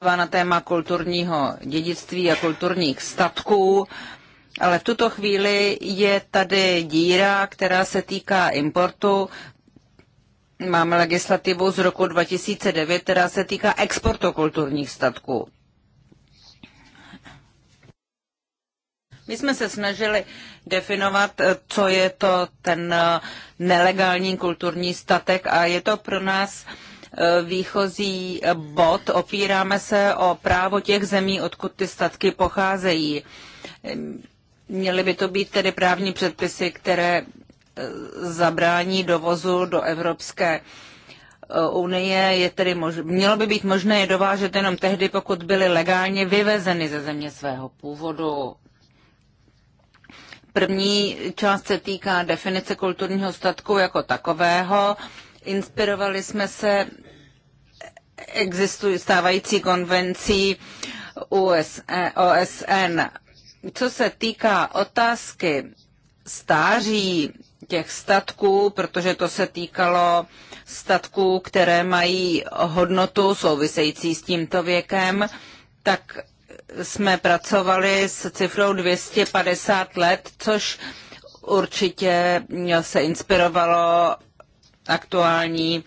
na téma kulturního dědictví a kulturních statků, ale v tuto chvíli je tady díra, která se týká importu. Máme legislativu z roku 2009, která se týká exportu kulturních statků. My jsme se snažili definovat, co je to ten nelegální kulturní statek a je to pro nás uh, Eh, výchozí eh, bod. Opíráme se o právo těch zemí, odkud ty statky pocházejí. Eh, měly by to být tedy právní předpisy, které zabrání dovozu do Evropské unie. Je tedy mož- mělo by být možné je dovážet jenom tehdy, pokud byly legálně vyvezeny ze země svého původu. První část se týká definice kulturního statku jako takového. Inspirovali jsme se existují stávající konvencí e, OSN. Co se týká otázky stáří těch statků, protože to se týkalo statků, které mají hodnotu související s tímto věkem, tak jsme pracovali s cifrou 250 let, což určitě se inspirovalo aktuální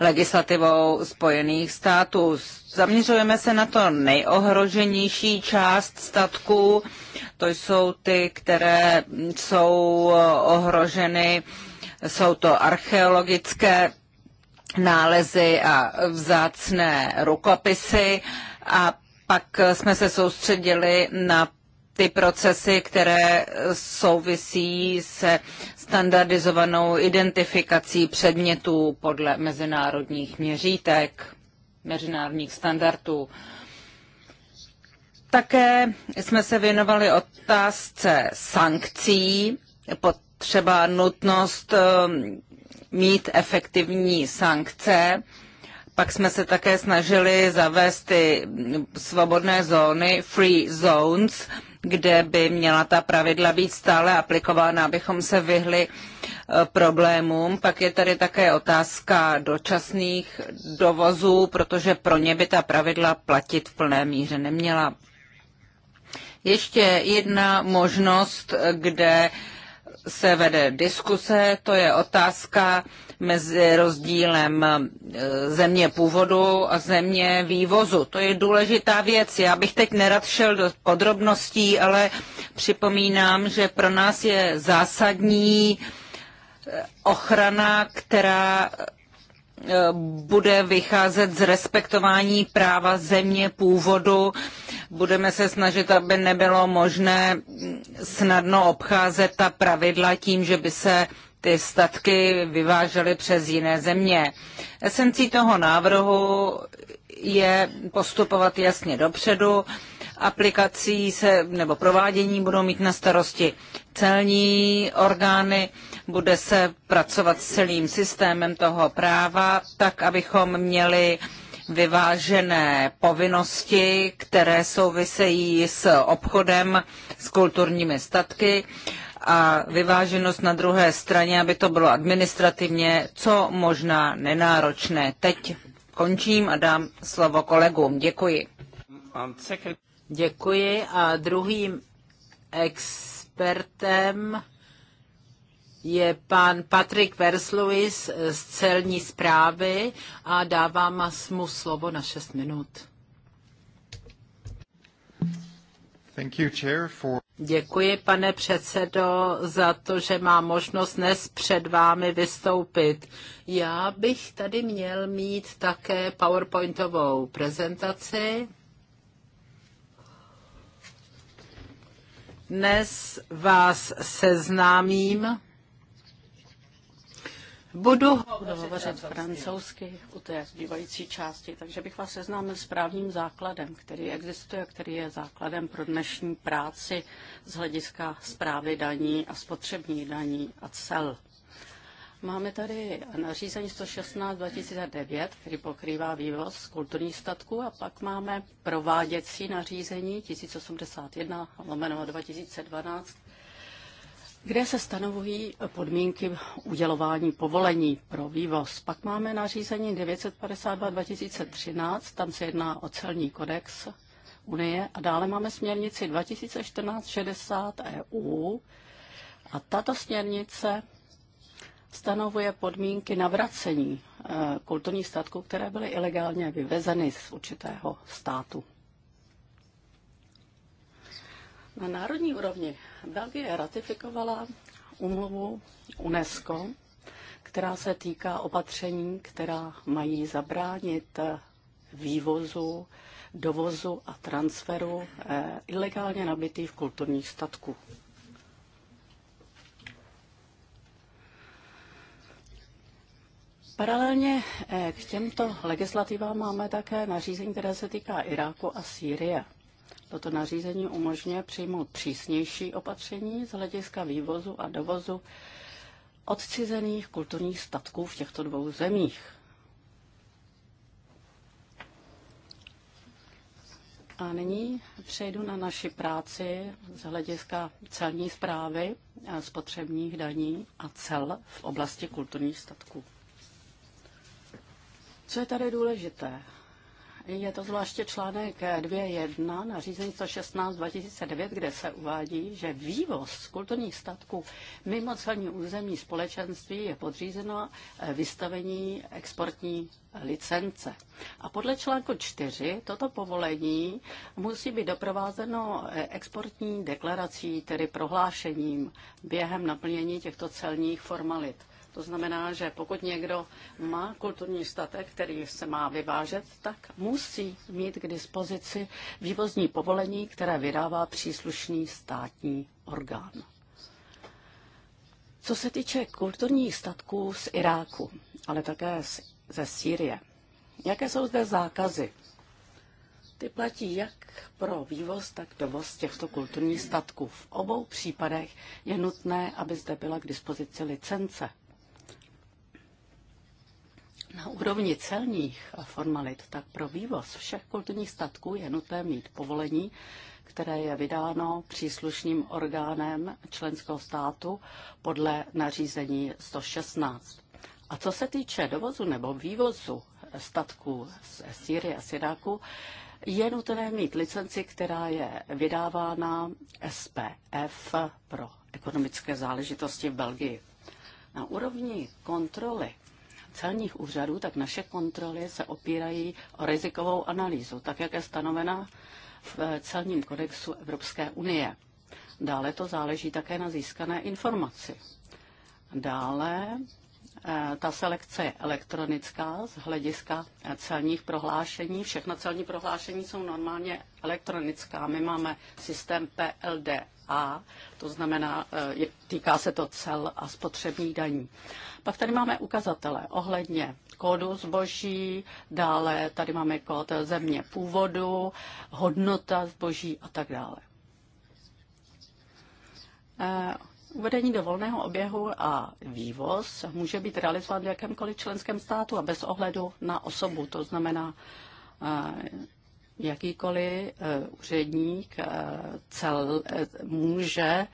legislativou Spojených států. Zaměřujeme se na to nejohroženější část statků, to jsou ty, které jsou ohroženy, jsou to archeologické nálezy a vzácné rukopisy a pak jsme se soustředili na ty procesy, které souvisí se standardizovanou identifikací předmětů podle mezinárodních měřítek, mezinárodních standardů. Také jsme se věnovali otázce sankcí, potřeba nutnost eh, mít efektivní sankce. Pak jsme se také snažili zavést ty svobodné zóny, free zones, kde by měla ta pravidla být stále aplikována, abychom se vyhli e, problémům. Pak je tady také otázka dočasných dovozů, protože pro ně by ta pravidla platit v plné míře neměla. Ještě jedna možnost, kde uh, se vede diskuse, to je otázka mezi rozdílem eh, země původu a země vývozu. To je důležitá věc. Já bych teď nerad šel do podrobností, ale připomínám, že pro nás je zásadní eh, ochrana, která Eh, bude vycházet z respektování práva země původu. Budeme se snažit, aby nebylo možné snadno obcházet ta pravidla tím, že by se ty statky vyvážely přes jiné země. Esencí toho návrhu je postupovat jasně dopředu, aplikací se, nebo provádění budou mít na starosti celní orgány, bude se pracovat s celým systémem toho práva, tak abychom měli vyvážené povinnosti, které souvisejí s obchodem, s kulturními statky a vyváženost na druhé straně, aby to bylo administrativně co možná nenáročné. Teď končím a dám slovo kolegům. Děkuji. Děkuji. A druhým expertem je pan Patrik Versluis z celní zprávy a dávám mu slovo na 6 minut. Thank you, chair, for... Děkuji, pane předsedo, za to, že má možnost dnes před vámi vystoupit. Já bych tady měl mít také PowerPointovou prezentaci. Dnes vás seznámím. Budu hovořit francouzsky u té zbývající části, takže bych vás seznámil s právním základem, který existuje a který je základem pro dnešní práci z hlediska zprávy daní a spotřební daní a cel. Máme tady nařízení 116 2009, který pokrývá vývoz kulturních statků a pak máme prováděcí nařízení 1081 lomeno 2012, kde se stanovují podmínky udělování povolení pro vývoz. Pak máme nařízení 952 2013, tam se jedná o celní kodex Unie a dále máme směrnici 2014-60 EU a tato směrnice stanovuje podmínky navracení eh, kulturních statků, které byly ilegálně vyvezeny z určitého státu. Na národní úrovni Belgie ratifikovala umluvu UNESCO, která se týká opatření, která mají zabránit vývozu, dovozu a transferu eh, ilegálně nabitých kulturních statků. Paralelně eh, k těmto legislativám máme také nařízení, které se týká Iráku a Sýrie. Toto nařízení umožňuje přijmout přísnější opatření z hlediska vývozu a dovozu odcizených kulturních statků v těchto dvou zemích. A nyní přejdu na naši práci z hlediska celní zprávy, spotřebních daní a cel v oblasti kulturních statků. Co je tady důležité? Je to zvláště článek 2.1 na řízení 116 2009, kde se uvádí, že vývoz kulturních statků mimo celní území společenství je podřízeno eh, vystavení exportní licence. A podle článku 4 toto povolení musí být doprovázeno eh, exportní deklarací, tedy prohlášením během naplnění těchto celních formalit. To znamená, že pokud někdo má kulturní statek, který se má vyvážet, tak musí mít k dispozici vývozní povolení, které vydává příslušný státní orgán. Co se týče kulturních statků z Iráku, ale také ze Sýrie, jaké jsou zde zákazy? Ty platí jak pro vývoz, tak dovoz těchto kulturních statků. V obou případech je nutné, aby zde byla k dispozici licence na úrovni celních formalit, tak pro vývoz všech kulturních statků je nutné mít povolení, které je vydáno příslušným orgánem členského státu podle nařízení 116. A co se týče dovozu nebo vývozu statků z Sýrie a Siráku, je nutné mít licenci, která je vydávána SPF pro ekonomické záležitosti v Belgii. Na úrovni kontroly celních úřadů, tak naše kontroly se opírají o rizikovou analýzu, tak jak je stanovena v celním kodexu Evropské unie. Dále to záleží také na získané informaci. Dále Eh, ta selekce je elektronická z hlediska eh, celních prohlášení. Všechna celní prohlášení jsou normálně elektronická. My máme systém PLDA, to znamená, eh, týká se to cel a spotřební daní. Pak tady máme ukazatele ohledně kódu zboží, dále tady máme kód země původu, hodnota zboží a tak dále. Uvedení do volného oběhu a vývoz může být realizován v jakémkoliv členském státu a bez ohledu na osobu. To znamená, eh, jakýkoliv eh, úředník eh, cel, může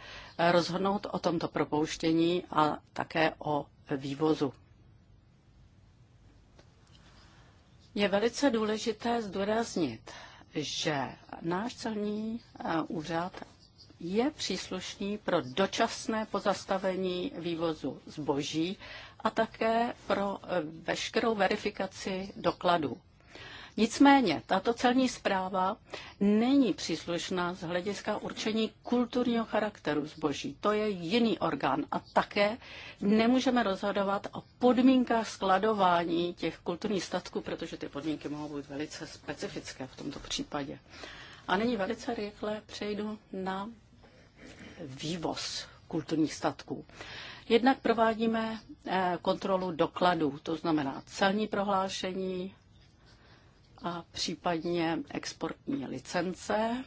rozhodnout o tomto propouštění a také o vývozu. Je velice důležité zdůraznit, že náš celní úřad je příslušný pro dočasné pozastavení vývozu zboží a také pro eh, veškerou verifikaci dokladů. Nicméně tato celní zpráva není příslušná z hlediska určení kulturního charakteru zboží. To je jiný orgán a také nemůžeme rozhodovat o podmínkách skladování těch kulturních statků, protože ty podmínky mohou být velice specifické v tomto případě. A nyní velice rychle přejdu na vývoz kulturních statků. Jednak provádíme eh, kontrolu dokladů, to znamená celní prohlášení a případně exportní licence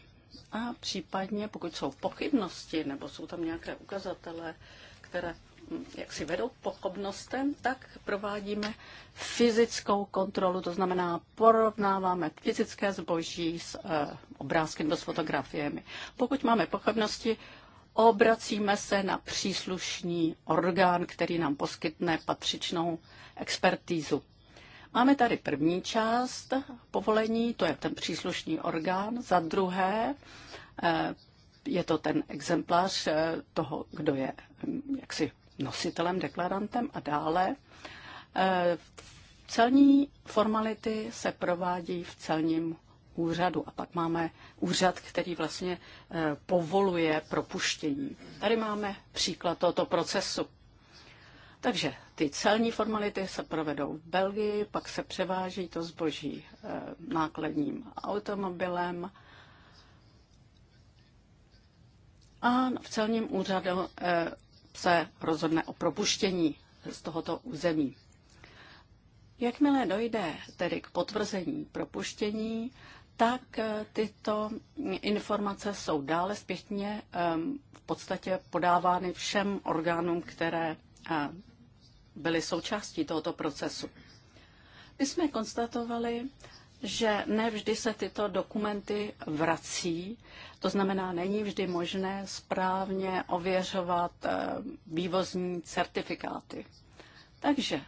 a případně, pokud jsou pochybnosti nebo jsou tam nějaké ukazatele, které hm, jak si vedou k pochopnostem, tak provádíme fyzickou kontrolu, to znamená porovnáváme fyzické zboží s e, obrázky nebo s fotografiemi. Pokud máme pochybnosti, obracíme se na příslušný orgán, který nám poskytne patřičnou expertízu. Máme tady první část povolení, to je ten příslušný orgán. Za druhé eh, je to ten exemplář eh, toho, kdo je hm, jaksi nositelem, deklarantem a dále. Eh, celní formality se provádí v celním úřadu. A pak máme úřad, který vlastně eh, povoluje propuštění. Tady máme příklad tohoto procesu. Takže ty celní formality se provedou v Belgii, pak se převáží to zboží eh, nákladním automobilem. A v celním úřadu eh, se rozhodne o propuštění z tohoto území. Jakmile dojde tedy k potvrzení propuštění, tak eh, tyto informace jsou dále zpětně ehm, v podstatě podávány všem orgánům, které eh, byly součástí tohoto procesu. My jsme konstatovali, že nevždy se tyto dokumenty vrací, to znamená, není vždy možné správně ověřovat eh, vývozní certifikáty. Takže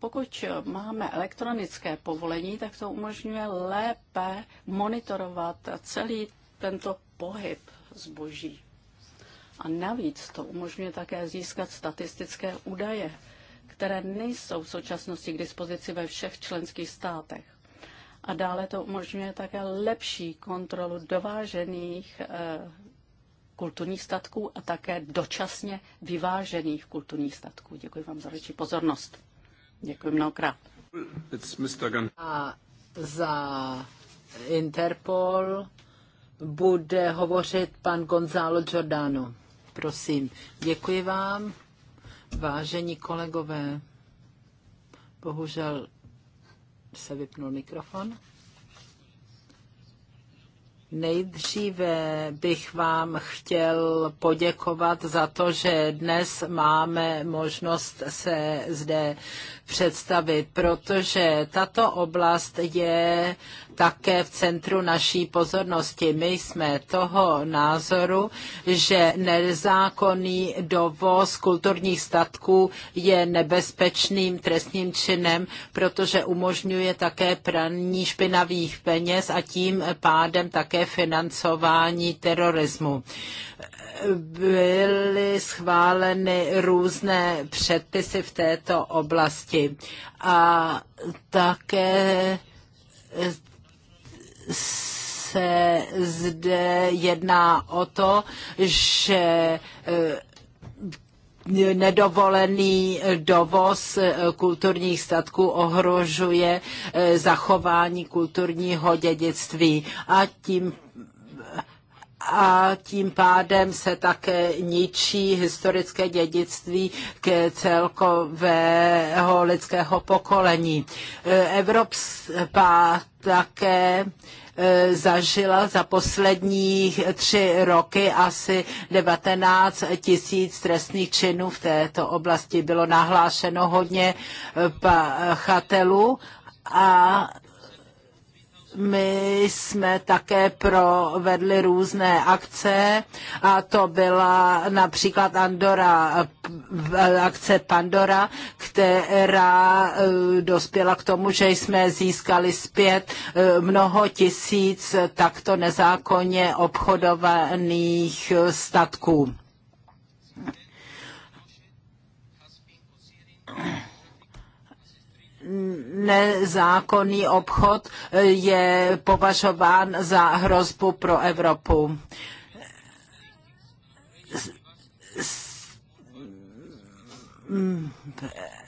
pokud máme elektronické povolení, tak to umožňuje lépe monitorovat celý tento pohyb zboží. A navíc to umožňuje také získat statistické údaje, které nejsou v současnosti k dispozici ve všech členských státech. A dále to umožňuje také lepší kontrolu dovážených eh, kulturních statků a také dočasně vyvážených kulturních statků. Děkuji vám za větší pozornost. Děkuji mnohokrát. A za Interpol bude hovořit pan Gonzalo Giordano. Prosím, děkuji vám, vážení kolegové. Bohužel se vypnul mikrofon. Nejdříve bych vám chtěl poděkovat za to, že dnes máme možnost se zde představit, protože tato oblast je také v centru naší pozornosti. My jsme toho názoru, že nezákonný dovoz kulturních statků je nebezpečným trestním činem, protože umožňuje také praní špinavých peněz a tím pádem také financování terorismu byly schváleny různé předpisy v této oblasti a také se zde jedná o to, že e, nedovolený dovoz e, kulturních statků ohrožuje e, zachování kulturního dědictví a tím a tím pádem se také ničí historické dědictví k celkového lidského pokolení. Evropa také e, zažila za posledních tři roky asi 19 tisíc trestných činů v této oblasti. Bylo nahlášeno hodně e, pachatelů a my jsme také provedli různé akce a to byla například Andora, akce Pandora, která eh, dospěla k tomu, že jsme získali zpět eh, mnoho tisíc takto nezákonně obchodovaných eh, statků nezákonný obchod eh, je považován za hrozbu pro Evropu.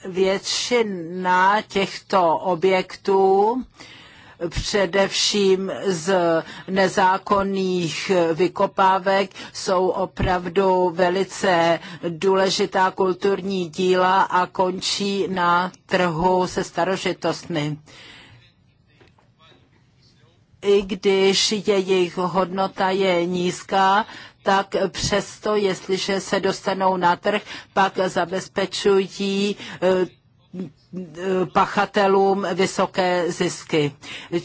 Většina těchto objektů především z nezákonných vykopávek, jsou opravdu velice důležitá kulturní díla a končí na trhu se starožitostmi i když jejich hodnota je nízká, tak přesto, jestliže se dostanou na trh, pak zabezpečují eh, pachatelům vysoké zisky.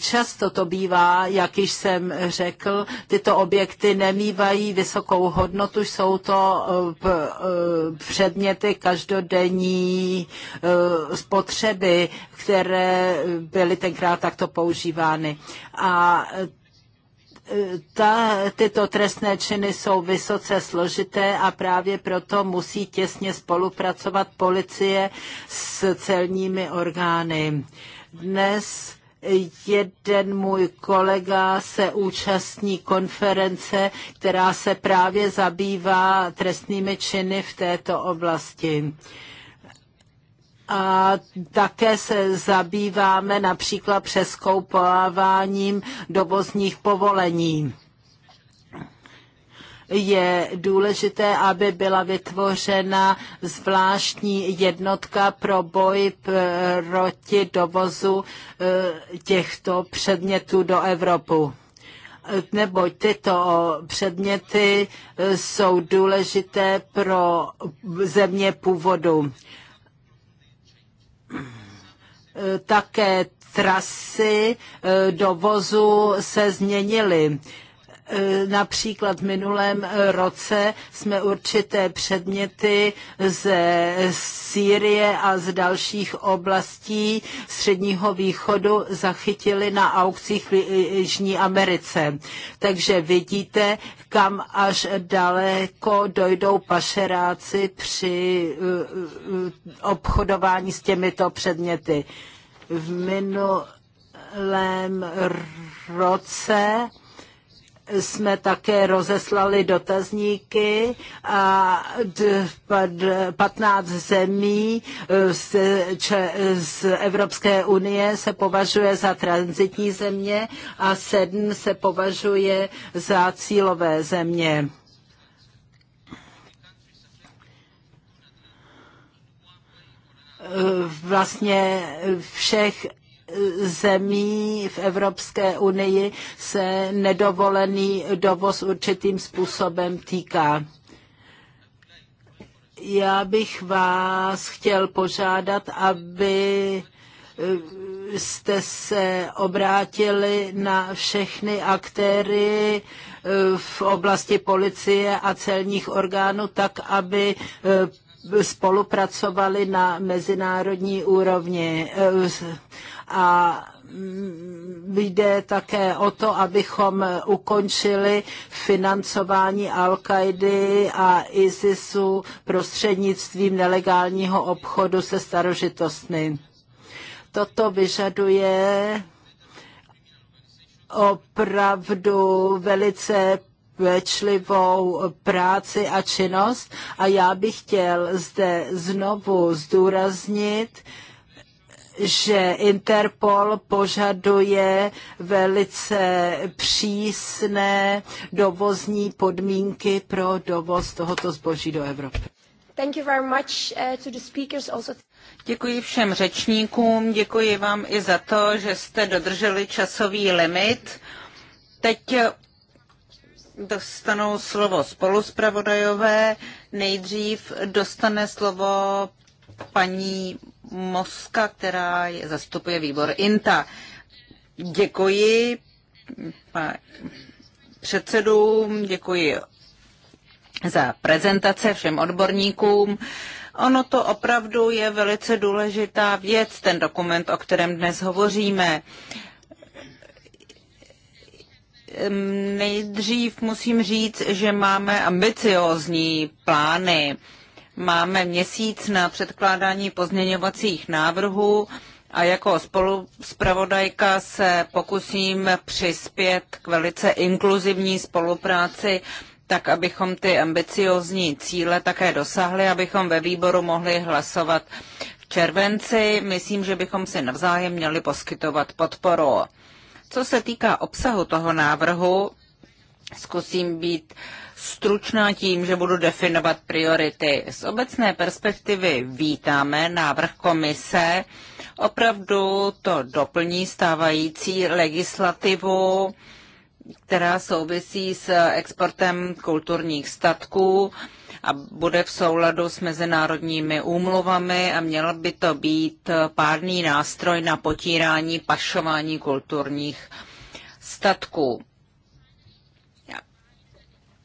Často to bývá, jak již jsem řekl, tyto objekty nemývají vysokou hodnotu, jsou to eh, eh, předměty každodenní eh, spotřeby, které byly tenkrát takto používány. A ta, tyto trestné činy jsou vysoce složité a právě proto musí těsně spolupracovat policie s celními orgány. Dnes jeden můj kolega se účastní konference, která se právě zabývá trestnými činy v této oblasti a také se zabýváme například přeskoupováním dovozních povolení. Je důležité, aby byla vytvořena zvláštní jednotka pro boj proti dovozu eh, těchto předmětů do Evropy neboť tyto předměty eh, jsou důležité pro země původu také trasy eh, dovozu se změnily. E, například v minulém e, roce jsme určité předměty ze Sýrie a z dalších oblastí Středního východu zachytili na aukcích v e, Jižní Americe. Takže vidíte, kam až daleko dojdou pašeráci při obchodování s těmito předměty. V minulém roce jsme také rozeslali dotazníky a 15 zemí eh, z, z Evropské unie se považuje za transitní země a 7 se považuje za cílové země. Eh, vlastně všech zemí v Evropské unii se nedovolený dovoz určitým způsobem týká. Já bych vás chtěl požádat, aby eh, jste se obrátili na všechny aktéry eh, v oblasti policie a celních orgánů tak, aby eh, spolupracovali na mezinárodní úrovni. A jde také o to, abychom ukončili financování Al-Kaidy a ISISu prostřednictvím nelegálního obchodu se starožitostmi. Toto vyžaduje opravdu velice pečlivou práci a činnost a já bych chtěl zde znovu zdůraznit, že Interpol požaduje velice přísné dovozní podmínky pro dovoz tohoto zboží do Evropy. Thank you very much uh, to the speakers also. Děkuji všem řečníkům, děkuji vám i za to, že jste dodrželi časový limit. Teď dostanou slovo spoluspravodajové. Nejdřív dostane slovo paní Moska, která je, zastupuje výbor INTA. Děkuji předsedům, děkuji za prezentace všem odborníkům. Ono to opravdu je velice důležitá věc, ten dokument, o kterém dnes hovoříme. Uh, Ehm, nejdřív musím říct, že máme ambiciózní plány. Máme měsíc na předkládání pozměňovacích návrhů a jako spoluspravodajka se pokusím přispět k velice inkluzivní spolupráci, tak abychom ty ambiciozní cíle také dosáhli, abychom ve výboru mohli hlasovat v červenci. Myslím, že bychom si navzájem měli poskytovat podporu. Co se týká obsahu toho návrhu, zkusím být stručná tím, že budu definovat priority. Z obecné perspektivy vítáme návrh komise. Opravdu to doplní stávající legislativu, která souvisí s exportem kulturních statků a bude v souladu s mezinárodními úmluvami a měl by to být párný nástroj na potírání pašování kulturních statků.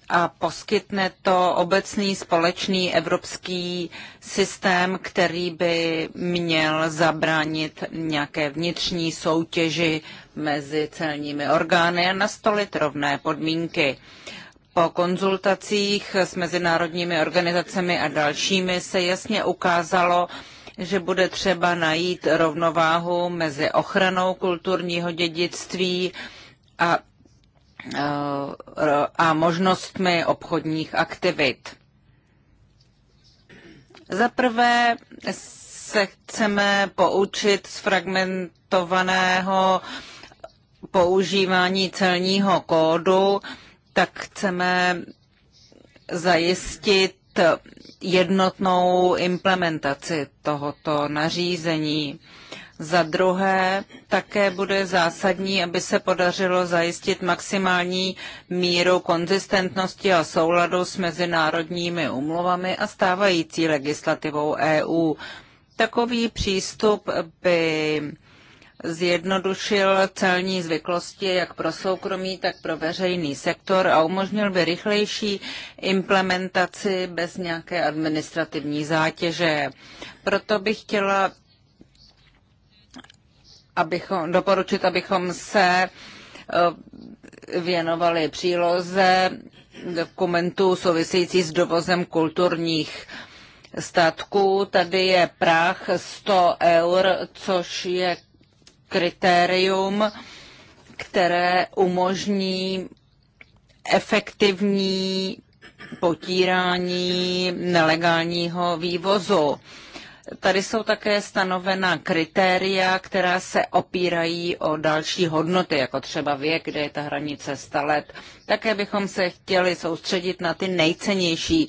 A poskytne to obecný společný evropský systém, který by měl zabránit nějaké vnitřní soutěži mezi celními orgány a nastolit rovné podmínky. Uh, po konzultacích s mezinárodními organizacemi a dalšími se jasně ukázalo, že bude třeba najít rovnováhu mezi ochranou kulturního dědictví a, a možnostmi obchodních aktivit. Za prvé se chceme poučit z fragmentovaného používání celního kódu, tak chceme zajistit jednotnou implementaci tohoto nařízení. Za druhé, také bude zásadní, aby se podařilo zajistit maximální míru konzistentnosti a souladu s mezinárodními umluvami a stávající legislativou EU. Takový přístup by zjednodušil celní zvyklosti jak pro soukromý, tak pro veřejný sektor a umožnil by rychlejší implementaci bez nějaké administrativní zátěže. Proto bych chtěla abychom, doporučit, abychom se eh, věnovali příloze dokumentů související s dovozem kulturních statků. Tady je práh 100 eur, což je kritérium, které umožní efektivní potírání nelegálního vývozu. Tady jsou také stanovena kritéria, která se opírají o další hodnoty, jako třeba věk, kde je ta hranice 100 let. Také bychom se chtěli soustředit na ty nejcennější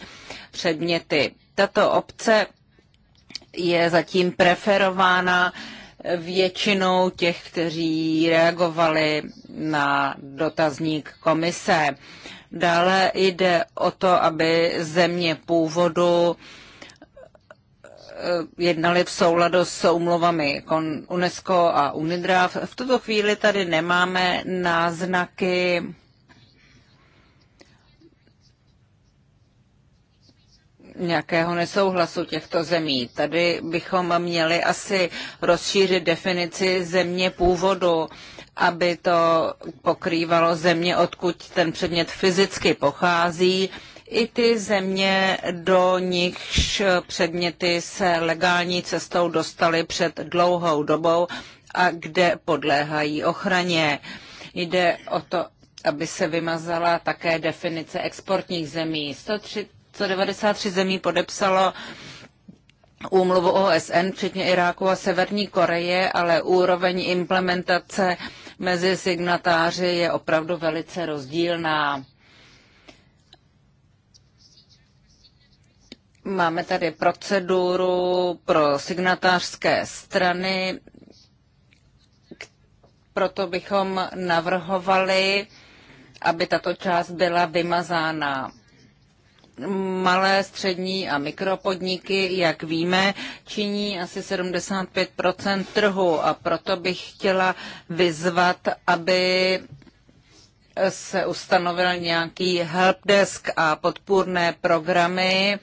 předměty. Tato obce je zatím preferována většinou těch, kteří reagovali na dotazník komise. Dále jde o to, aby země původu eh, jednali v souladu s umluvami UNESCO a UNIDRA. V tuto chvíli tady nemáme náznaky nějakého nesouhlasu těchto zemí. Tady bychom měli asi rozšířit definici země původu, aby to pokrývalo země, odkud ten předmět fyzicky pochází, i ty země, do nichž předměty se legální cestou dostaly před dlouhou dobou a kde podléhají ochraně. Jde o to, aby se vymazala také definice exportních zemí. 193 zemí podepsalo úmluvu OSN, včetně Iráku a Severní Koreje, ale úroveň implementace mezi signatáři je opravdu velice rozdílná. Máme tady proceduru pro signatářské strany, proto bychom navrhovali, aby tato část byla vymazána malé, střední a mikropodniky, jak víme, činí asi 75 trhu a proto bych chtěla vyzvat, aby se ustanovil nějaký helpdesk a podpůrné programy,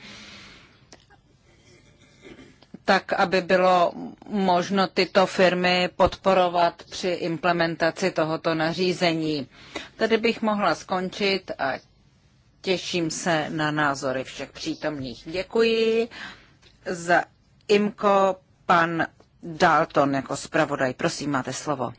tak aby bylo možno tyto firmy podporovat při implementaci tohoto nařízení. Tady bych mohla skončit a Těším se na názory všech přítomných. Děkuji. Za IMKO pan Dalton jako zpravodaj. Prosím, máte slovo.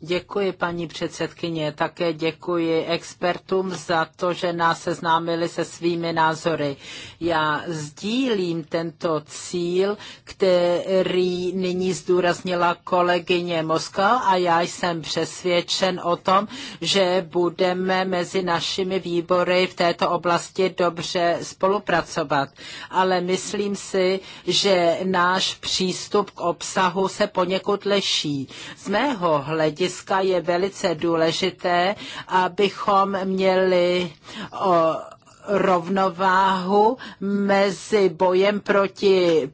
Děkuji, paní předsedkyně. Také děkuji expertům za to, že nás seznámili se svými názory. Já sdílím tento cíl, který nyní zdůraznila kolegyně Moskva a já jsem přesvědčen o tom, že budeme mezi našimi výbory v této oblasti dobře spolupracovat. Ale myslím si, že náš přístup k obsahu se poněkud liší lepší. Z mého hlediska je velice důležité, abychom měli o, rovnováhu mezi bojem proti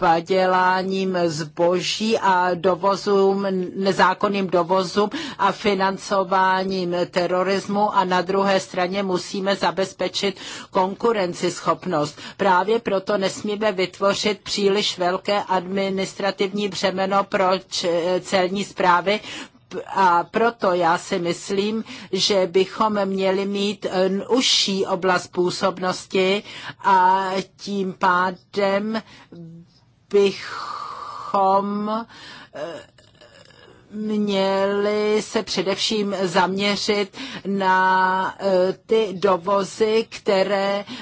paděláním zboží a dovozům, nezákonným dovozům a financováním terorismu a na druhé straně musíme zabezpečit konkurenceschopnost. Právě proto nesmíme vytvořit příliš velké administrativní břemeno pro celní zprávy, a proto já si myslím, že bychom měli mít eh, užší oblast působnosti a tím pádem bychom eh, měli se především zaměřit na eh, ty dovozy, které eh,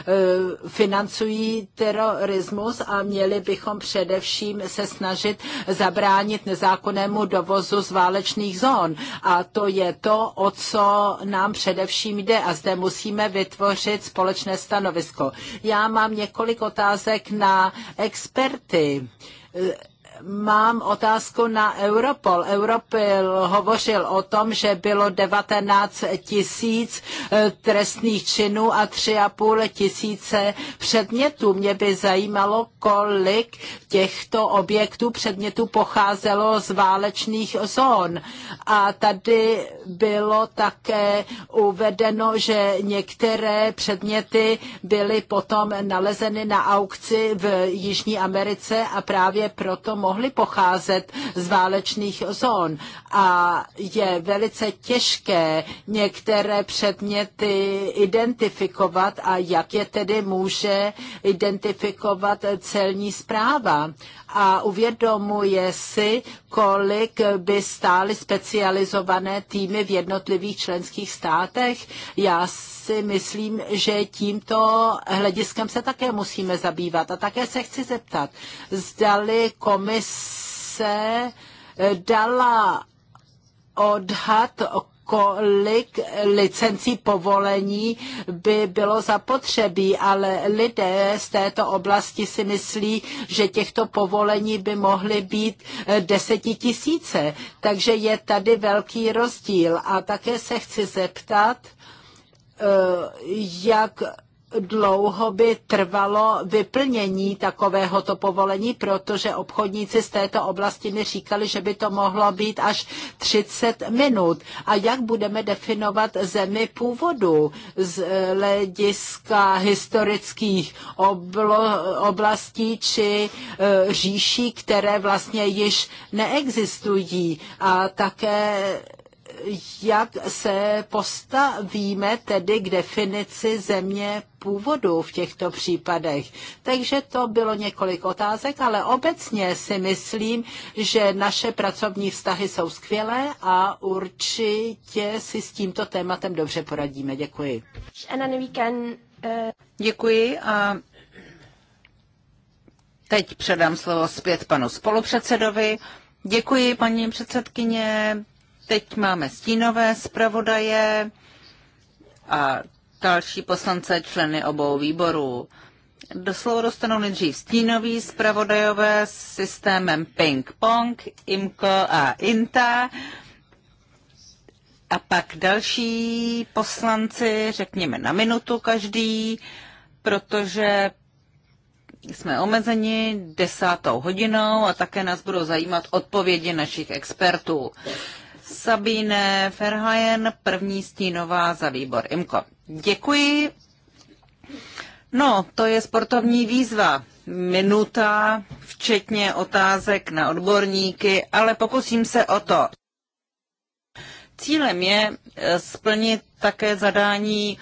financují terorismus a měli bychom především se snažit zabránit nezákonnému dovozu z válečných zón. A to je to, o co nám především jde a zde musíme vytvořit společné stanovisko. Já mám několik otázek na experty mám otázku na Europol. Europol hovořil o tom, že bylo 19 tisíc eh, trestných činů a 3,5 tisíce předmětů. Mě by zajímalo, kolik těchto objektů předmětů pocházelo z válečných zón. A tady bylo také uvedeno, že některé předměty byly potom nalezeny na aukci v Jižní Americe a právě proto Mohli pocházet z válečných zón a je velice těžké některé předměty identifikovat a jak je tedy může identifikovat celní zpráva. A uvědomuje si, kolik by stály specializované týmy v jednotlivých členských státech. Já si myslím, že tímto hlediskem se také musíme zabývat. A také se chci zeptat, zdali komise eh, dala odhad, kolik licencí povolení by bylo zapotřebí, ale lidé z této oblasti si myslí, že těchto povolení by mohly být eh, desetitisíce. Takže je tady velký rozdíl. A také se chci zeptat, Eh, jak dlouho by trvalo vyplnění takovéhoto povolení, protože obchodníci z této oblasti mi říkali, že by to mohlo být až 30 minut. A jak budeme definovat zemi původu z eh, hlediska historických oblastí či eh, říší, které vlastně již neexistují. A také jak se postavíme tedy k definici země původu v těchto případech. Takže to bylo několik otázek, ale obecně si myslím, že naše pracovní vztahy jsou skvělé a určitě si s tímto tématem dobře poradíme. Děkuji. Uh, Děkuji a teď předám slovo zpět panu spolupředsedovi. Děkuji, paní předsedkyně. Teď máme stínové zpravodaje a další poslance členy obou výborů. Do slovo dostanou nejdřív stínový zpravodajové s systémem ping-pong, IMCO a INTA. A pak další poslanci, řekněme na minutu každý, protože jsme omezeni desátou hodinou a také nás budou zajímat odpovědi našich expertů. Sabine Ferhajen, první stínová za výbor IMKO. Děkuji. No, to je sportovní výzva. Minuta, včetně otázek na odborníky, ale pokusím se o to. Cílem je eh, splnit také zadání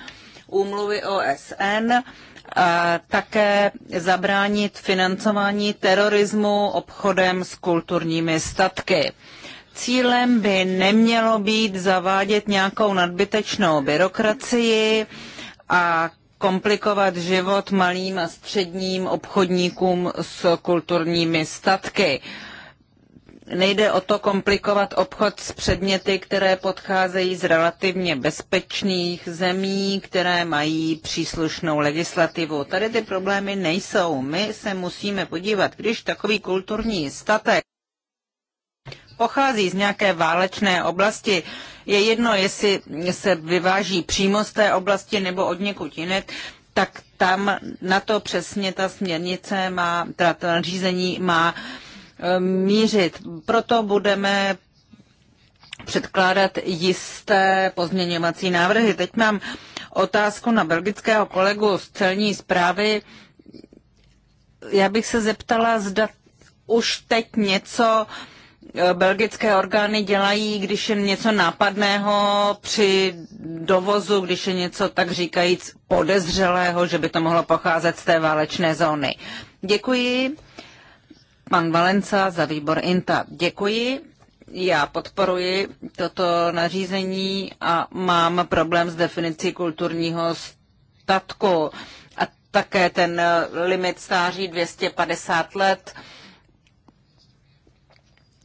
úmluvy OSN a také zabránit financování terorismu obchodem s kulturními statky. Cílem by nemělo být zavádět nějakou nadbytečnou byrokracii a komplikovat život malým a středním obchodníkům s kulturními statky. Nejde o to komplikovat obchod s předměty, které podcházejí z relativně bezpečných zemí, které mají příslušnou legislativu. Tady ty problémy nejsou. My se musíme podívat, když takový kulturní statek pochází z nějaké válečné oblasti. Je jedno, jestli se vyváží přímo z té oblasti nebo od někud jinak, tak tam na to přesně ta směrnice má, teda to nařízení má eh, mířit. Proto budeme předkládat jisté pozměňovací návrhy. Teď mám otázku na belgického kolegu z celní zprávy. Já bych se zeptala, zda už teď něco uh, Eh, belgické orgány dělají, když je něco nápadného při dovozu, když je něco tak říkajíc podezřelého, že by to mohlo pocházet z té válečné zóny. Děkuji. Pan Valenca za výbor INTA. Děkuji. Já podporuji toto nařízení a mám problém s definicí kulturního statku a také ten eh, limit stáří 250 let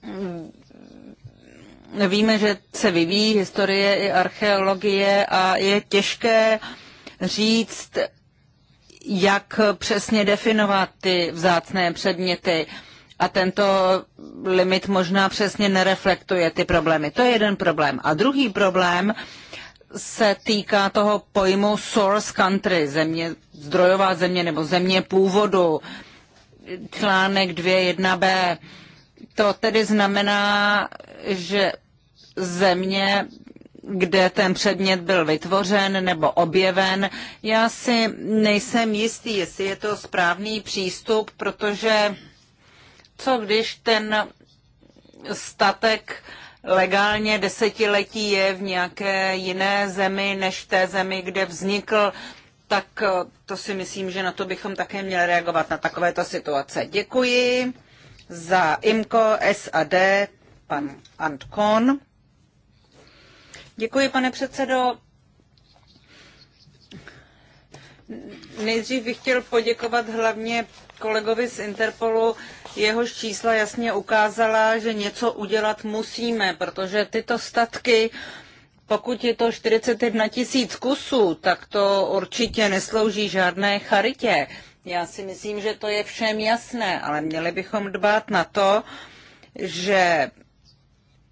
Mm, víme, že se vyvíjí historie i archeologie a je těžké říct, jak přesně definovat ty vzácné předměty. A tento limit možná přesně nereflektuje ty problémy. To je jeden problém. A druhý problém se týká toho pojmu source country, země, zdrojová země nebo země původu. Článek 2.1b to tedy znamená, že země, kde ten předmět byl vytvořen nebo objeven, já si nejsem jistý, jestli je to správný přístup, protože co když ten statek legálně desetiletí je v nějaké jiné zemi než v té zemi, kde vznikl, tak to si myslím, že na to bychom také měli reagovat na takovéto situace. Děkuji za IMCO SAD pan Antkon. Děkuji, pane předsedo. Nejdřív bych chtěl poděkovat hlavně kolegovi z Interpolu. Jehož čísla jasně ukázala, že něco udělat musíme, protože tyto statky, pokud je to 41 tisíc kusů, tak to určitě neslouží žádné charitě. Já si myslím, že to je všem jasné, ale měli bychom dbát na to, že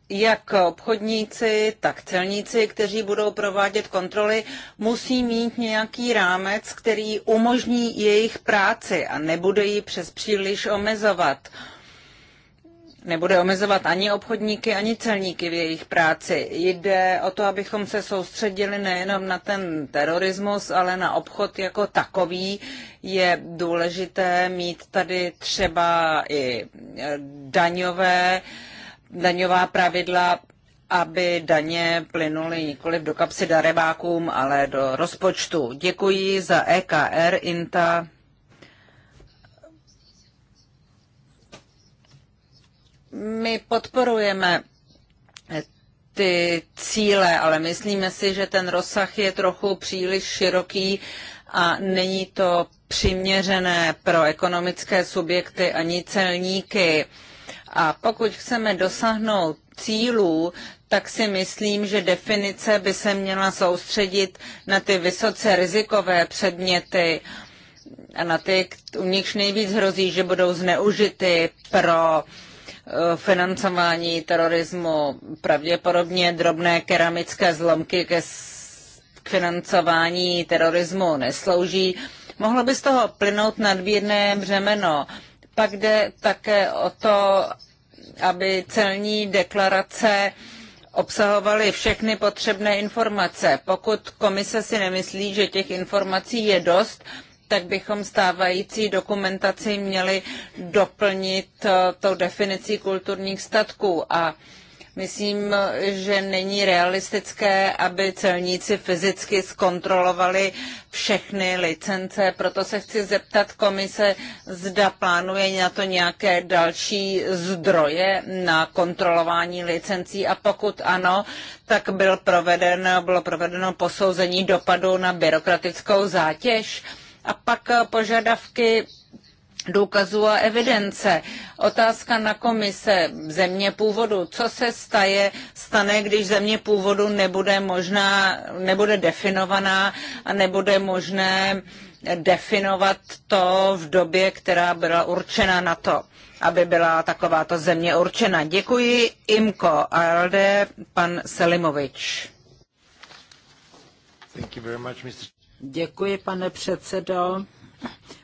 jak obchodníci, tak celníci, kteří budou provádět kontroly, musí mít nějaký rámec, který umožní jejich práci a nebude ji přes příliš omezovat nebude omezovat ani obchodníky, ani celníky v jejich práci. Jde o to, abychom se soustředili nejenom na ten terorismus, ale na obchod jako takový. Je důležité mít tady třeba i e, daňové, daňová pravidla, aby daně plynuly nikoli do kapsy darebákům, ale do rozpočtu. Děkuji za EKR, INTA, My podporujeme ty cíle, ale myslíme si, že ten rozsah je trochu příliš široký a není to přiměřené pro ekonomické subjekty ani celníky. A pokud chceme dosáhnout cílů, tak si myslím, že definice by se měla soustředit na ty vysoce rizikové předměty a na ty, u nichž nejvíc hrozí, že budou zneužity pro uh, financování terorismu, pravděpodobně drobné keramické zlomky ke financování terorismu neslouží. Mohlo by z toho plynout nadbírné břemeno. Pak jde také o to, aby celní deklarace obsahovaly všechny potřebné informace. Pokud komise si nemyslí, že těch informací je dost, tak bychom stávající dokumentaci měli doplnit eh, tou definicí kulturních statků. A myslím, že není realistické, aby celníci fyzicky zkontrolovali všechny licence. Proto se chci zeptat komise, zda plánuje na to nějaké další zdroje na kontrolování licencí a pokud ano, tak byl proveden, bylo provedeno posouzení dopadu na byrokratickou zátěž. A pak eh, požadavky důkazů a evidence. Otázka na komise země původu. Co se staje, stane, když země původu nebude možná, nebude definovaná a nebude možné definovat to v době, která byla určena na to, aby byla takováto země určena. Děkuji, Imko ALD, pan Selimovič. Thank you very much, Mr. Děkuji, pane předsedo.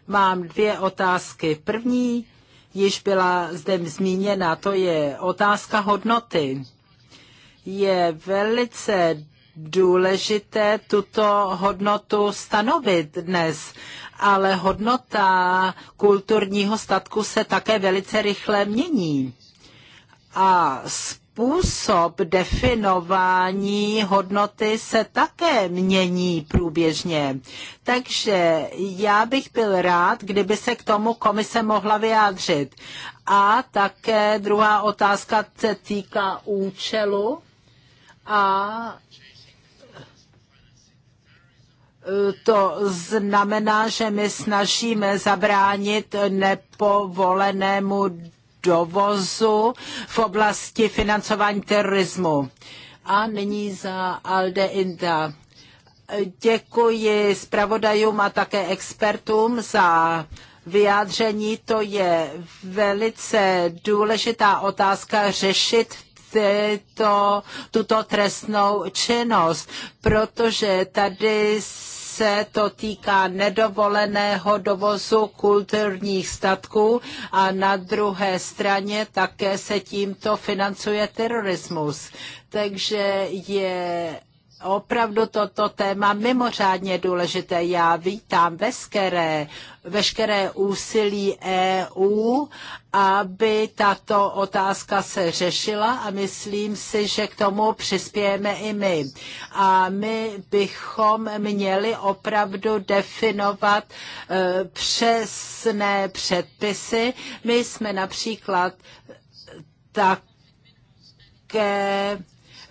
Mám dvě otázky. První již byla zde zmíněna, to je otázka hodnoty. Je velice důležité tuto hodnotu stanovit dnes, ale hodnota kulturního statku se také velice rychle mění. A způsob definování hodnoty se také mění průběžně. Takže já bych byl rád, kdyby se k tomu komise mohla vyjádřit. A také druhá otázka se týká účelu a to znamená, že my snažíme zabránit nepovolenému dovozu v oblasti financování terorismu. A nyní za Alde Inda. Děkuji zpravodajům a také expertům za vyjádření. To je velice důležitá otázka řešit tyto, tuto trestnou činnost, protože tady se to týká nedovoleného dovozu kulturních statků a na druhé straně také se tímto financuje terorismus. Takže je opravdu toto téma mimořádně důležité. Já vítám veškeré, veškeré úsilí EU, aby tato otázka se řešila a myslím si, že k tomu přispějeme i my. A my bychom měli opravdu definovat e, přesné předpisy. My jsme například také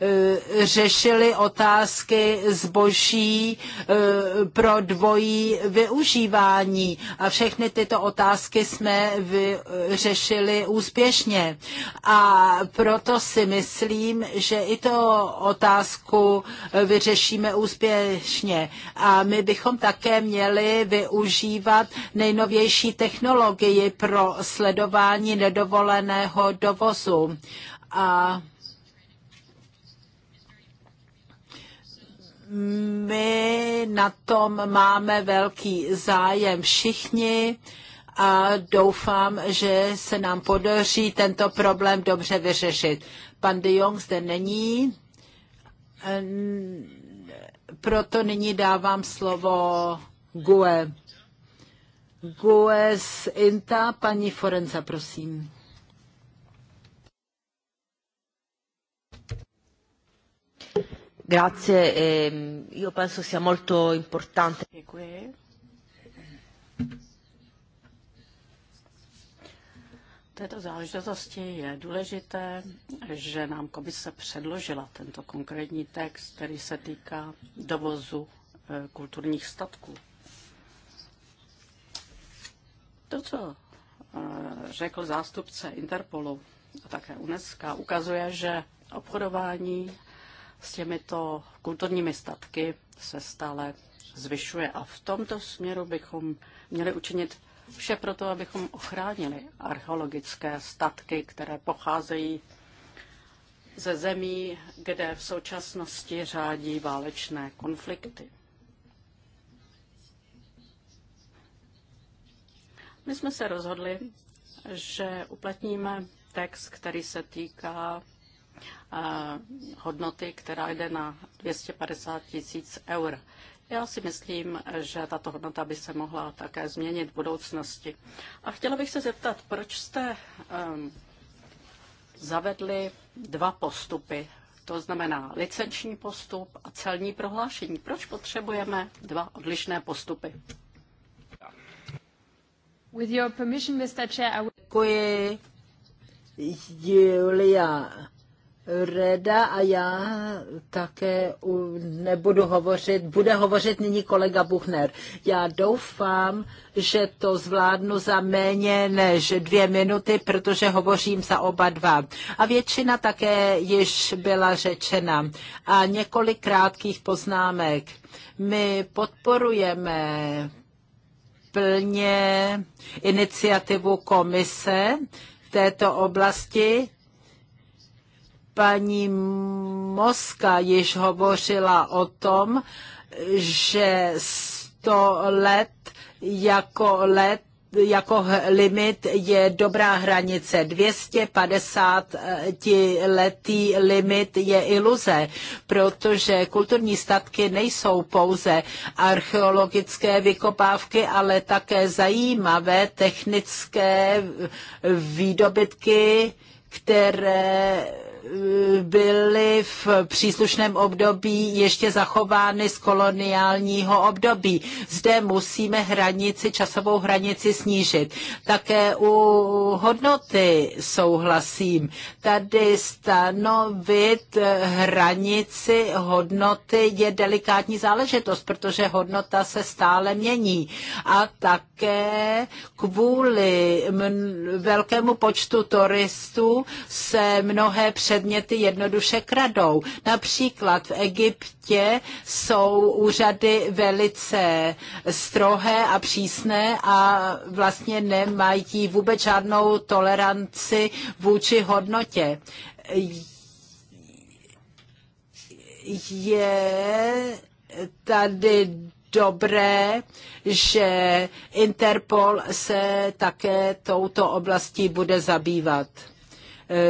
Eh, řešili otázky zboží eh, pro dvojí využívání a všechny tyto otázky jsme řešili úspěšně. A proto si myslím, že i to otázku eh, vyřešíme úspěšně. A my bychom také měli využívat nejnovější technologii pro sledování nedovoleného dovozu. A My na tom máme velký zájem všichni a doufám, že se nám podaří tento problém dobře vyřešit. Pan de Jong zde není, proto nyní dávám slovo GUE. GUE z INTA, paní Forenza, prosím. Grazie, ehm, io penso sia molto importante. V této záležitosti je důležité, že nám komise předložila tento konkrétní text, který se týká dovozu eh, kulturních statků. To, co eh, řekl zástupce Interpolu a také UNESCO, ukazuje, že obchodování s těmito kulturními statky se stále zvyšuje. A v tomto směru bychom měli učinit vše pro to, abychom ochránili archeologické statky, které pocházejí ze zemí, kde v současnosti řádí válečné konflikty. My jsme se rozhodli, že uplatníme text, který se týká Eh, hodnoty, která jde na 250 tisíc eur. Já si myslím, že tato hodnota by se mohla také změnit v budoucnosti. A chtěla bych se zeptat, proč jste um, zavedli dva postupy, to znamená licenční postup a celní prohlášení. Proč potřebujeme dva odlišné postupy? With your permission, Mr. Chair, I will... Děkuji, Julia. Reda a já také nebudu hovořit, bude hovořit nyní kolega Buchner. Já doufám, že to zvládnu za méně než dvě minuty, protože hovořím za oba dva. A většina také již byla řečena. A několik krátkých poznámek. My podporujeme plně iniciativu komise, této oblasti Paní Moska již hovořila o tom, že 100 let jako let jako limit je dobrá hranice. 250 eh, letý limit je iluze, protože kulturní statky nejsou pouze archeologické vykopávky, ale také zajímavé technické výdobytky, které byly v příslušném období ještě zachovány z koloniálního období. Zde musíme hranici, časovou hranici snížit. Také u hodnoty souhlasím. Tady stanovit hranici hodnoty je delikátní záležitost, protože hodnota se stále mění. A také kvůli velkému počtu turistů se mnohé před předměty jednoduše kradou. Například v Egyptě jsou úřady velice strohé a přísné a vlastně nemají vůbec žádnou toleranci vůči hodnotě. Je tady dobré, že Interpol se také touto oblastí bude zabývat.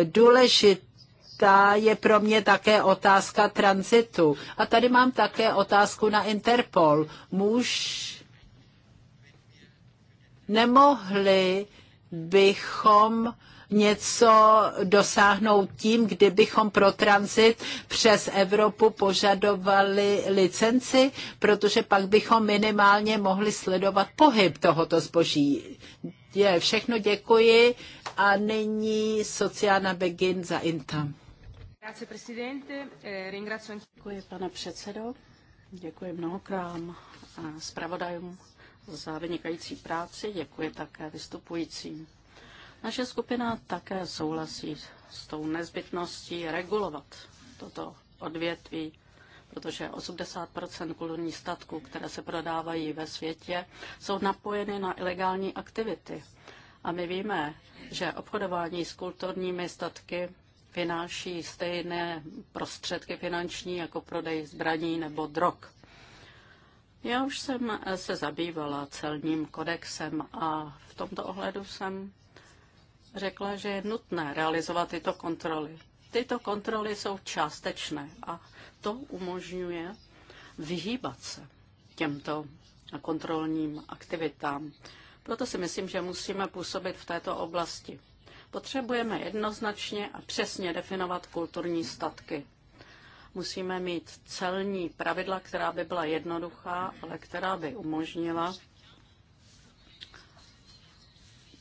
Důležité ta je pro mě také otázka transitu. A tady mám také otázku na Interpol. Muž nemohli bychom něco dosáhnout tím, kdybychom pro transit přes Evropu požadovali licenci, protože pak bychom minimálně mohli sledovat pohyb tohoto zboží. Je, všechno děkuji a nyní sociálna Begin za Intam. Eh, děkuji, pane předsedo. Děkuji mnohokrát eh, zpravodajům za vynikající práci, děkuji také vystupujícím. Naše skupina také souhlasí s tou nezbytností regulovat toto odvětví, protože 80 kulturních statků, které se prodávají ve světě, jsou napojeny na ilegální aktivity. A my víme, že obchodování s kulturními statky vynáší stejné prostředky finanční jako prodej zbraní nebo drog. Já už jsem se zabývala celním kodexem a v tomto ohledu jsem řekla, že je nutné realizovat tyto kontroly. Tyto kontroly jsou částečné a to umožňuje vyhýbat se těmto kontrolním aktivitám. Proto si myslím, že musíme působit v této oblasti. Potřebujeme jednoznačně a přesně definovat kulturní statky. Musíme mít celní pravidla, která by byla jednoduchá, ale která by umožnila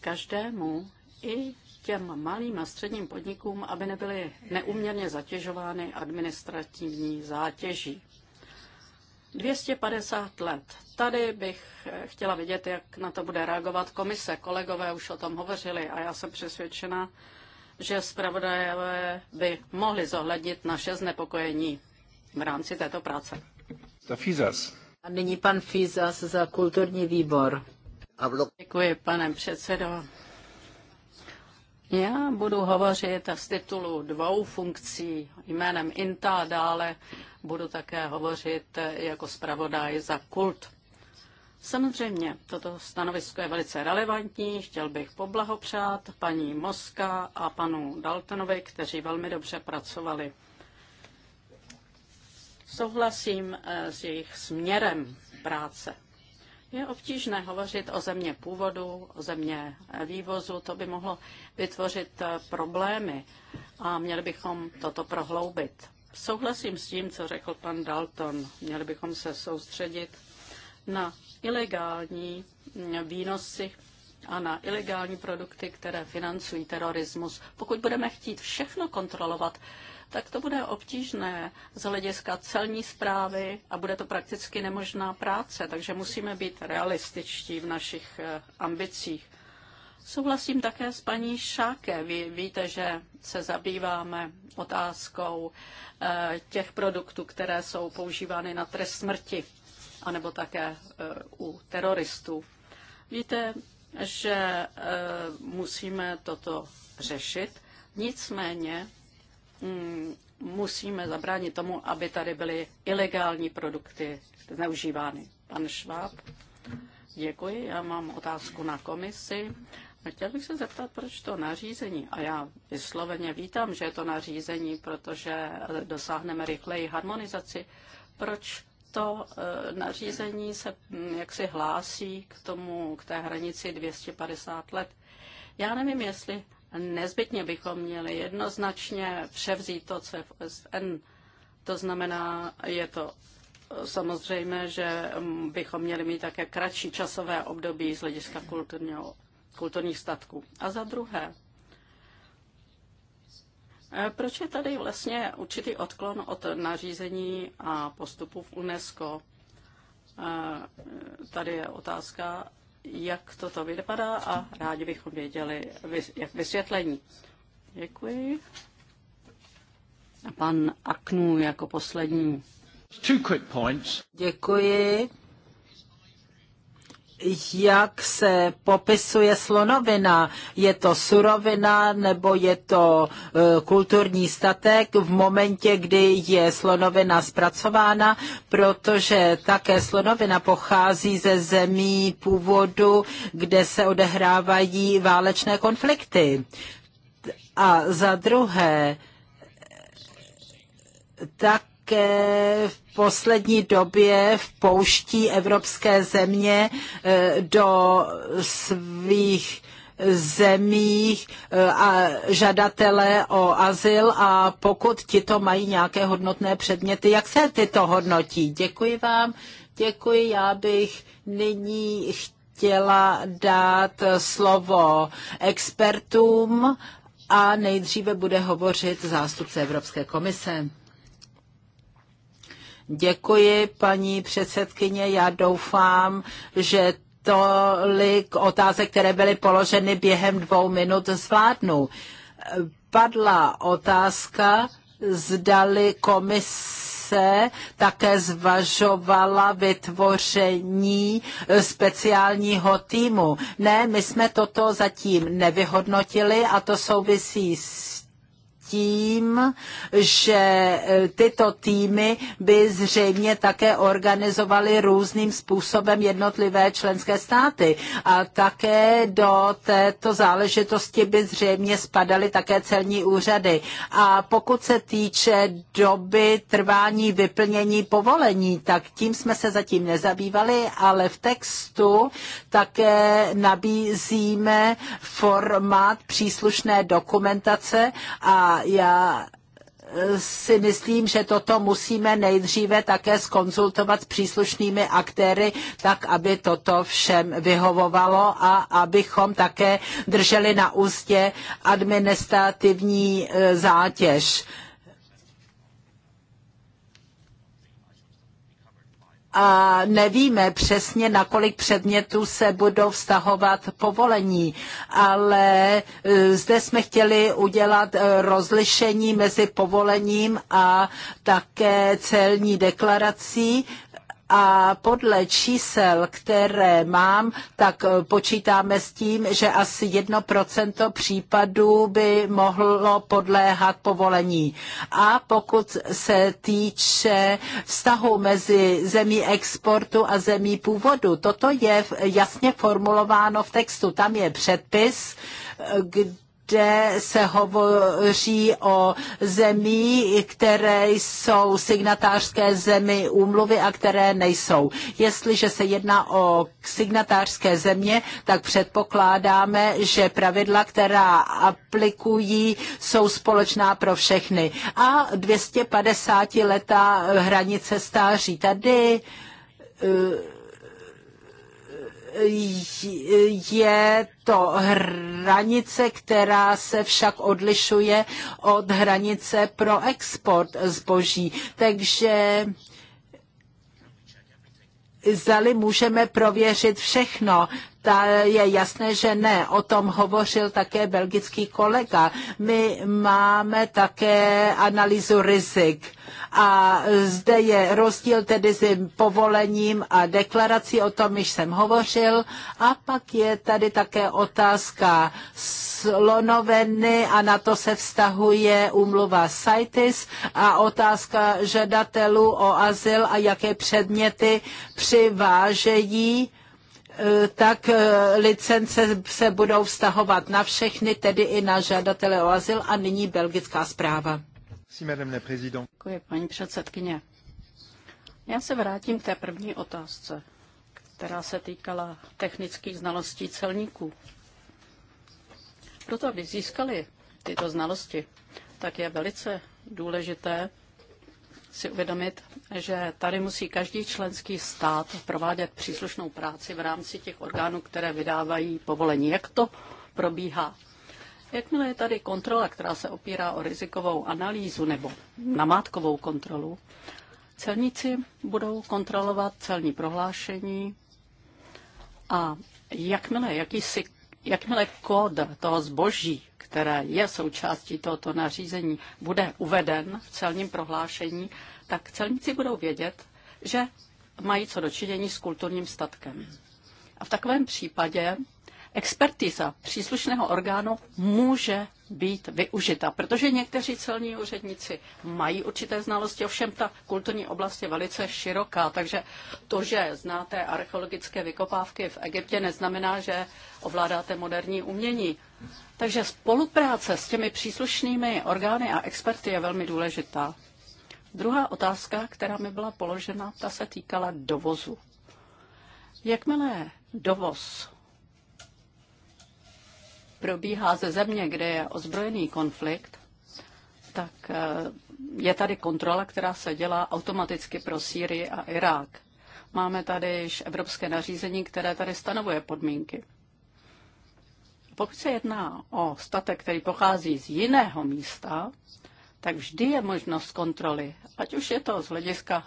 každému i těm malým a středním podnikům, aby nebyly neuměrně zatěžovány administrativní zátěží. 250 let. Tady bych eh, chtěla vidět, jak na to bude reagovat komise. Kolegové už o tom hovořili a já jsem přesvědčena, že zpravodajové by mohli zohlednit naše znepokojení v rámci této práce. Fizas. A nyní pan Fizas za kulturní výbor. Děkuji, pane předsedo. Já budu hovořit z titulu dvou funkcí jménem INTA a dále budu také hovořit jako zpravodaj za kult. Samozřejmě, toto stanovisko je velice relevantní. Chtěl bych poblahopřát paní Moska a panu Daltonovi, kteří velmi dobře pracovali. Souhlasím eh, s jejich směrem práce. Je obtížné hovořit o země původu, o země vývozu, to by mohlo vytvořit eh, problémy a měli bychom toto prohloubit. Souhlasím s tím, co řekl pan Dalton. Měli bychom se soustředit na ilegální mm, výnosy a na ilegální produkty, které financují terorismus. Pokud budeme chtít všechno kontrolovat, tak to bude obtížné z hlediska celní zprávy a bude to prakticky nemožná práce, takže musíme být realističtí v našich eh, ambicích. Souhlasím také s paní Šáke. Vy víte, že se zabýváme otázkou eh, těch produktů, které jsou používány na trest smrti, anebo také eh, u teroristů. Víte, že musíme toto řešit. Nicméně Mm, musíme zabránit tomu, aby tady byly ilegální produkty zneužívány. Pan Šváb, děkuji. Já mám otázku na komisi. Chtěl bych se zeptat, proč to nařízení, a já vysloveně vítám, že je to nařízení, protože dosáhneme rychleji harmonizaci, proč to e, nařízení se mm, jaksi hlásí k tomu, k té hranici 250 let. Já nevím, jestli Nezbytně bychom měli jednoznačně převzít to, co je v OSN. To znamená, je to eh, samozřejmě, že mm, bychom měli mít také kratší časové období z hlediska kulturního, kulturních statků. A za druhé, eh, proč je tady vlastně určitý odklon od nařízení a postupů v UNESCO? Eh, tady je otázka, jak toto vypadá a rádi bychom věděli, jak vysvětlení. Děkuji. A pan Aknu jako poslední. Děkuji jak se popisuje slonovina. Je to surovina nebo je to e, kulturní statek v momentě, kdy je slonovina zpracována, protože také slonovina pochází ze zemí původu, kde se odehrávají válečné konflikty. A za druhé, tak jaké v poslední době vpouští evropské země eh, do svých zemích eh, a žadatele o azyl a pokud to mají nějaké hodnotné předměty, jak se tyto hodnotí? Děkuji vám, děkuji, já bych nyní chtěla dát slovo expertům a nejdříve bude hovořit zástupce Evropské komise. Děkuji, paní předsedkyně. Já doufám, že tolik otázek, které byly položeny během dvou minut, zvládnu. Padla otázka, zdali komise také zvažovala vytvoření speciálního týmu. Ne, my jsme toto zatím nevyhodnotili a to souvisí s tím, že e, tyto týmy by zřejmě také organizovaly různým způsobem jednotlivé členské státy. A také do této záležitosti by zřejmě spadaly také celní úřady. A pokud se týče doby trvání vyplnění povolení, tak tím jsme se zatím nezabývali, ale v textu také nabízíme formát příslušné dokumentace a já eh, si myslím, že toto musíme nejdříve také skonzultovat s příslušnými aktéry, tak aby toto všem vyhovovalo a abychom také drželi na ústě administrativní eh, zátěž a nevíme přesně, na kolik předmětů se budou vztahovat povolení, ale e, zde jsme chtěli udělat e, rozlišení mezi povolením a také celní deklarací, a podle čísel, které mám, tak eh, počítáme s tím, že asi 1% případů by mohlo podléhat povolení. A pokud se týče vztahu mezi zemí exportu a zemí původu, toto je jasně formulováno v textu. Tam je předpis, eh, kde kde se hovoří o zemí, které jsou signatářské zemi úmluvy a které nejsou. Jestliže se jedná o signatářské země, tak předpokládáme, že pravidla, která aplikují, jsou společná pro všechny. A 250 leta hranice stáří. Tady uh, je to hranice, která se však odlišuje od hranice pro export zboží. Takže zali můžeme prověřit všechno ta je jasné, že ne. O tom hovořil také belgický kolega. My máme také analýzu rizik. A zde je rozdíl tedy s povolením a deklarací, o tom již jsem hovořil. A pak je tady také otázka slonoveny a na to se vztahuje umluva CITES a otázka žadatelů o azyl a jaké předměty přivážejí E, tak e, licence se budou vztahovat na všechny, tedy i na žadatele o azyl a nyní belgická zpráva. Děkuji, paní předsedkyně. Já se vrátím k té první otázce, která se týkala technických znalostí celníků. Proto, aby získali tyto znalosti, tak je velice důležité, si uvědomit, že tady musí každý členský stát provádět příslušnou práci v rámci těch orgánů, které vydávají povolení. Jak to probíhá? Jakmile je tady kontrola, která se opírá o rizikovou analýzu nebo namátkovou kontrolu, celníci budou kontrolovat celní prohlášení a jakmile, jakýsi, jakmile kód toho zboží které je součástí tohoto nařízení, bude uveden v celním prohlášení, tak celníci budou vědět, že mají co dočinění s kulturním statkem. A v takovém případě expertiza příslušného orgánu může být využita, protože někteří celní úředníci mají určité znalosti, ovšem ta kulturní oblast je velice široká, takže to, že znáte archeologické vykopávky v Egyptě, neznamená, že ovládáte moderní umění. Takže spolupráce s těmi příslušnými orgány a experty je velmi důležitá. Druhá otázka, která mi byla položena, ta se týkala dovozu. Jakmile dovoz probíhá ze země, kde je ozbrojený konflikt, tak eh, je tady kontrola, která se dělá automaticky pro Sýrii a Irák. Máme tady již evropské nařízení, které tady stanovuje podmínky. Pokud se jedná o statek, který pochází z jiného místa, tak vždy je možnost kontroly, ať už je to z hlediska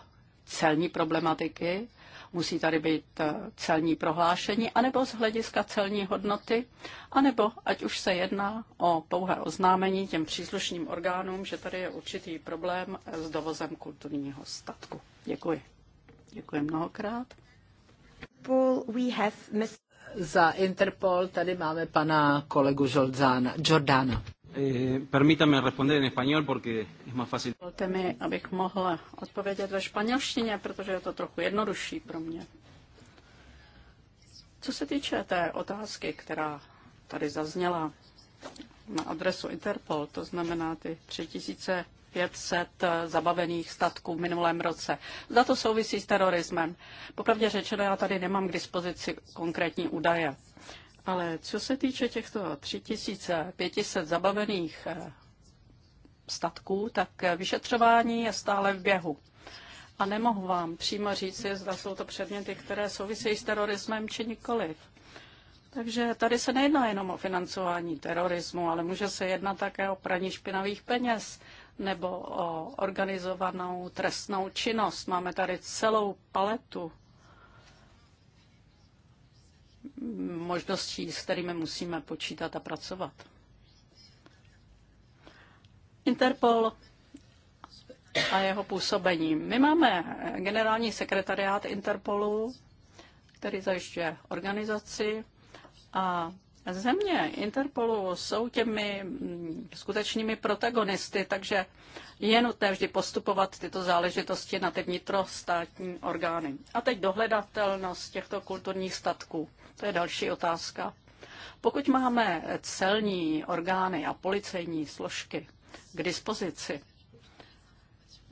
celní problematiky Musí tady být eh, celní prohlášení, anebo z hlediska celní hodnoty, anebo ať už se jedná o pouhé oznámení těm příslušným orgánům, že tady je určitý problém eh, s dovozem kulturního statku. Děkuji. Děkuji mnohokrát. we have Za Interpol tady máme pana kolegu Žoldána, Jordana. Eh, permítame responder en español porque es más fácil. Dovolte mi, abych mohla odpovědět ve španělštině, protože je to trochu jednodušší pro mě. Co se týče té otázky, která tady zazněla na adresu Interpol, to znamená ty 3500 zabavených statků v minulém roce. Za to souvisí s terorismem. Popravdě řečeno, já tady nemám k dispozici konkrétní údaje. Ale co se týče těchto 3500 zabavených eh, statků, tak eh, vyšetřování je stále v běhu. A nemohu vám přímo říct, zda jsou to předměty, které souvisejí s terorismem či nikoliv. Takže tady se nejedná jenom o financování terorismu, ale může se jednat také o praní špinavých peněz nebo o organizovanou trestnou činnost. Máme tady celou paletu možností, s kterými musíme počítat a pracovat. Interpol a jeho působení. My máme generální sekretariát Interpolu, který zajišťuje organizaci a země Interpolu jsou těmi mm, skutečnými protagonisty, takže je nutné vždy postupovat tyto záležitosti na ty vnitrostátní orgány. A teď dohledatelnost těchto kulturních statků. To je další otázka. Pokud máme celní orgány a policejní složky k dispozici,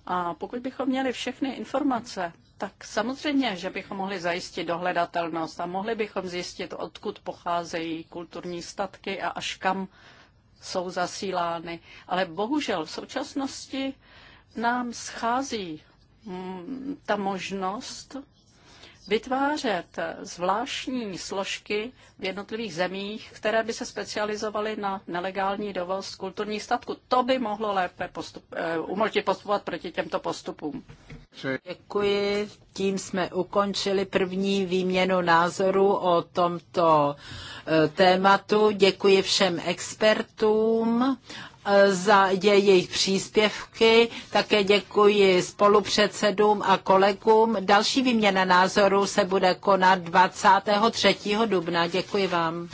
a pokud bychom měli všechny informace, tak samozřejmě, že bychom mohli zajistit dohledatelnost a mohli bychom zjistit, odkud pocházejí kulturní statky a až kam jsou zasílány. Ale bohužel v současnosti nám schází mm, ta možnost vytvářet zvláštní složky v jednotlivých zemích, které by se specializovaly na nelegální dovoz kulturních statků. To by mohlo lépe postup, eh, umožnit postupovat proti těmto postupům. Děkuji. Tím jsme ukončili první výměnu názorů o tomto eh, tématu. Děkuji všem expertům za jejich příspěvky. Také děkuji spolupředsedům a kolegům. Další výměna názorů se bude konat 23. dubna. Děkuji vám.